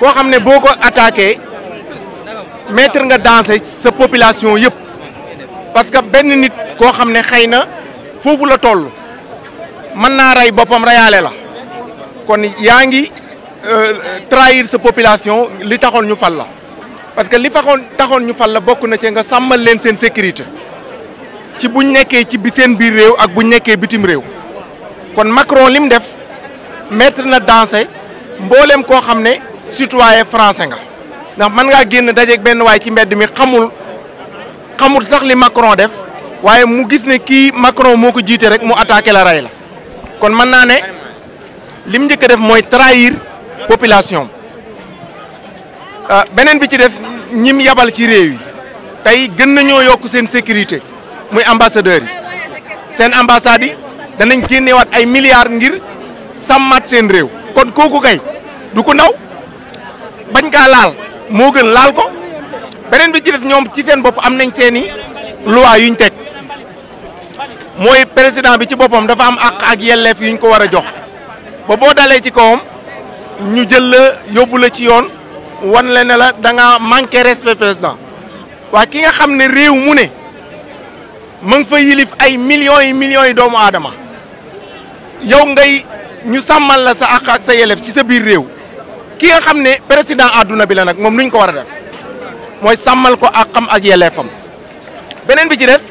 koo xam ne boo ko attaqué mettre nga danger sa population yëpp parce que benn nit koo xam ne xëy na foofu la toll mën naa rey boppam reyaale la kon yaa ngi euh, trahir sa population li taxoon ñu fal la parce que li faxoon taxoon ñu fal la bokk na ci nga sàmmal leen seen sécurité ci buñ nekkee ci bi seen biir réew ak buñ nekkee bitim réew kon Macron li mu def mettre na danger mboolem koo xam ne citoyen français nga ndax mën ngaa génn dajeeg benn waay ci mbedd mi xamul xamul sax li Macron def waaye mu gis ne kii Macron moo ko jiite rek mu attaqué la ray la kon mën naa ne lim njëkk a def mooy trahir population ah, beneen bi ci def ñim yabal ci réew yi tey gën nañoo yokk seen sécurité muy ambassadeurs yi seen ambassades yi danañ génneewaat ay milliards ngir sàmmaat seen réew kon kooku kay du ko ndaw bañ kaa laal moo gën laal ko beneen bi ci ñoom ci seen bopp am nañ seeni i loi yuñ teg mooy président bi ci boppam dafa am àq ak yelleef yuñ ko war a jox ba boo dalee ci kawam ñu jël la yóbbu la ci yoon wan la ne la danga nga manqué respect président waa ki nga xam ne réew mu ne ma fa yilif ay millions yi millions yi doomu aadama yow ngay ñu sàmmal la sa àq ak sa yelleef ci sa biir réew. ki nga xam ne président àdduna bi la nag moom ñu ko war a def mooy sàmmal ko ak xam ak yelleefam beneen bi ci def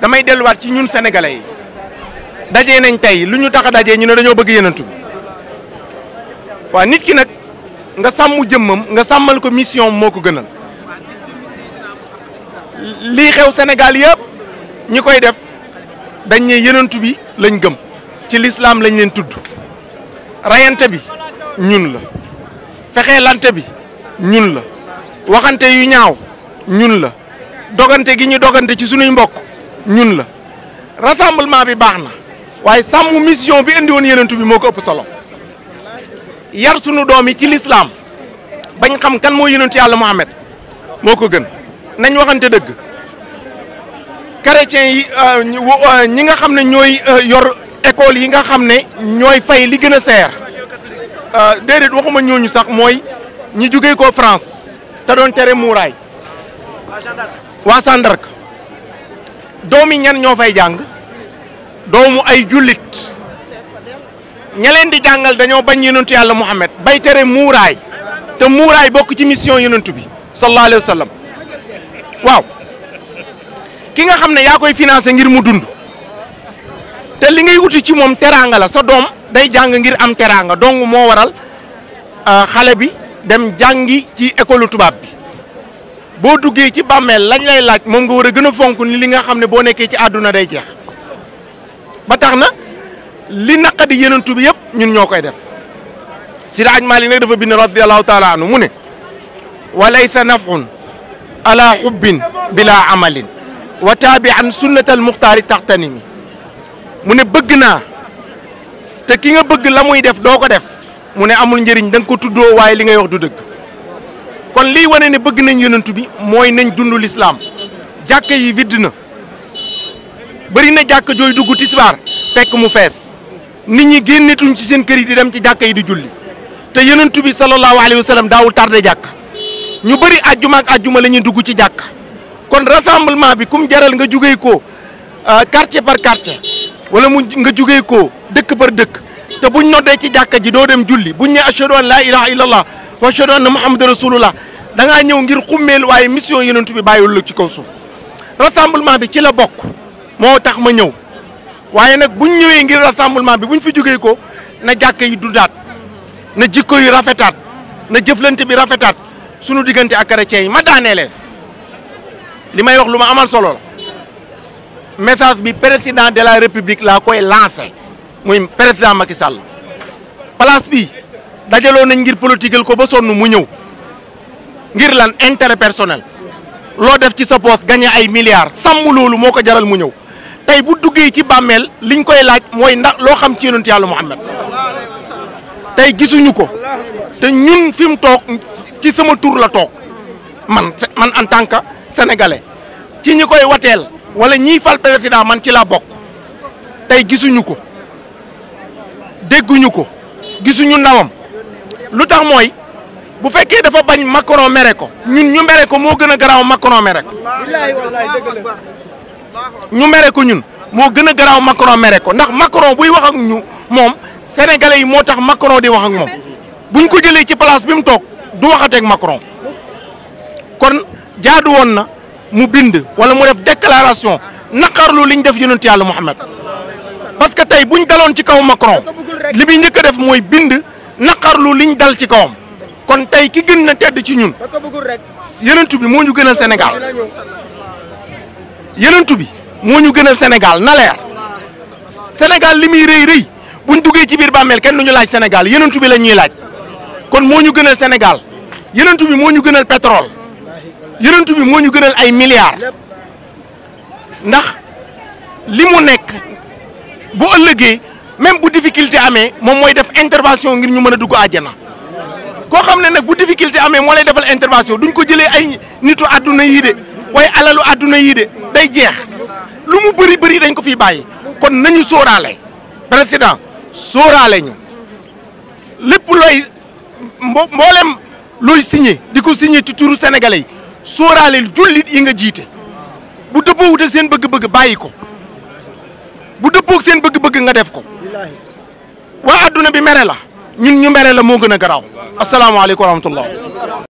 damay delluwaat ci ñun sénégalais yi dajee nañ tey lu ñu tax a dajee ñu ne dañoo bëgg yenantu bi waaw nit ki nag nga sàmm jëmmam nga sàmmal ko mission moo ko gënal lii xew senegal yëpp ñi koy def dañ ne yenantu bi lañ gëm ci lislaam lañ leen tudd rayante bi ñun la fexee lante bi ñun la waxante yu ñaaw ñun la dogante gi ñu dogante ci sunuy mbokk ñun la rassemblement bi baax na waaye sàmm mission bi indi woon yenentu bi moo ko ëpp solo yar sunu doom yi ci lislaam bañ xam kan moo yenentu yàlla Muhammad moo ko gën nañ waxante dëgg chrétiens yi euh, euh, ñi nga xam ne ñooy euh, yor école yi nga xam ne ñooy fay li gën a seer Euh, déedéet waxuma ñooñu sax mooy ñi jugee ko France te doon tere muuraay waa Sandarka doomi ñan ñoo fay jàng doomu ay jullit ñaleen di jàngal dañoo bañ yonentu yàlla Muhammad bay tere muuraay te muuraay bokk ci mission yonentu bi sallallahu alayhi waaw ki nga xam ne yaa koy financé ngir mu dund te li ngay wuti ci moom teraangala sa doom day jàng ngir am teraanga dong moo waral euh, xale bi dem jàngi ci école tubaab bi boo duggee ci bàmmeel lañ lay laaj moom nga war a gën a fonk ni li nga xam ne boo nekkee ci àdduna day jeex ba tax na li naqadi yenentu bi yëpp ñun ñoo koy def Seydi Aj Maalik nag dafa bind radiallahu taala mu ne wa laysa nafun ala xubbin bila amalin wa taabi an sunnata almuxtaari taxtanimi mu ne bëgg naa te ki nga bëgg la muy def doko def mu ne amul njëriñ dang ko tuddo way li ngay wax du dëgg kon li wone ne bëgg nañ yonent bi moy nañ dundul l'islam jakkay yi vidna na na jakk joy dugg tisbar fekk mu fess nit ñi gennetuñ ci seen kër yi di dem ci jakkay yi di julli te yonent bi sallallahu alayhi wasallam sallam daawul tardé jakk ñu bari aljuma ak aljuma lañu ñuy ci jakk kon rassemblement bi kum jaral nga juggé ko euh, quartier par quartier wala mu nga juggé ko. dëkk par dëkk te buñ noddee ci jàkka ji doo dem julli buñ ne ashhadu an laa ilaha illallah wa ashhadu anna muhammadan rasulullah da ngaa ñëw ngir xummeel waaye mission yonent bi bàyyiwul la ci kaw suuf rassemblement bi ci la bokk moo tax ma ñëw waaye nag buñ ñëwee ngir rassemblement bi buñ fi jógee ko na jàkka yi dundaat na jikko yi rafetaat na jëflante bi rafetaat sunu diggante ak chrétien yi ma daaneele leen li may wax lu ma amal solo la message bi président de la république laa koy lancé muy président Macky Sall place bi dajaloo nañ ngir politiqueel ko ba sonn mu ñëw ngir lan intérêt personnel loo def ci sa poste gagné ay milliards sàmm loolu moo ko jaral mu ñëw tey bu duggee ci bàmmeel liñ koy laaj mooy ndax loo xam ci yonent yàlla Muhammad tey gisuñu ko te ñun fi mu toog ci sama tur la toog man man en tant que sénégalais ci ñi koy wateel wala ñii fal président man ci laa bokk tey gisuñu ko dégguñu ko gisuñu ndawam lu tax mooy bu fekkee dafa bañ Macron mere ko ñun ñu mere ko moo gën a garaaw Macron mere ñu mere ko ñun moo gën a garaaw Macron mere ko ndax Macron buy wax ak ñu moom sénégalais yi moo tax Macron di wax ak moom buñ ko jëlee ci place bi mu toog du waxateeg Macron kon jaadu woon na mu bind wala mu def déclaration naqarlu liñ def yonent yàlla Muhammad parce que tey buñ daloon ci kaw Macron li muy njëkk def mooy bind naqarlu liñ dal ci kawam kon tey ki gën na tedd ci ñun yenentu bi moo ñu gënal Sénégal yenentu moo ñu gënal Sénégal na leer Sénégal li muy rëy rëy buñ duggee ci biir bàmmeel kenn du ñu laaj Sénégal yenentu bi la ñuy laaj kon moo ñu gënal Sénégal yenentu bi moo ñu gënal petrol yenentu bi moo ñu gënal ay milliards ndax li mu nekk bu ëllëgee même bu difficulté amee moom mooy def intervention ngir ñu mën a dugg àjjana koo xam ne nag bu difficulté amee moo lay defal intervention duñ ko jëlee ay nitu àdduna yii de waaye alalu àdduna yii de day jeex lu mu bëri bëri dañ ko fi bàyyi kon nañu sóoraale président sóoraale ñu lépp looy mbo mboolem looy signé di ko signé ci turu sénégalais yi sóoraale jullit yi nga jiite bu dëppoowut ak seen bëgg-bëgg bàyyi ko bu dëppoog seen bëgg-bëgg nga def ko waa adduna bi mere la ñun ñu mere la moo gën a garaaw asalaamaaleykum wa rahmatullah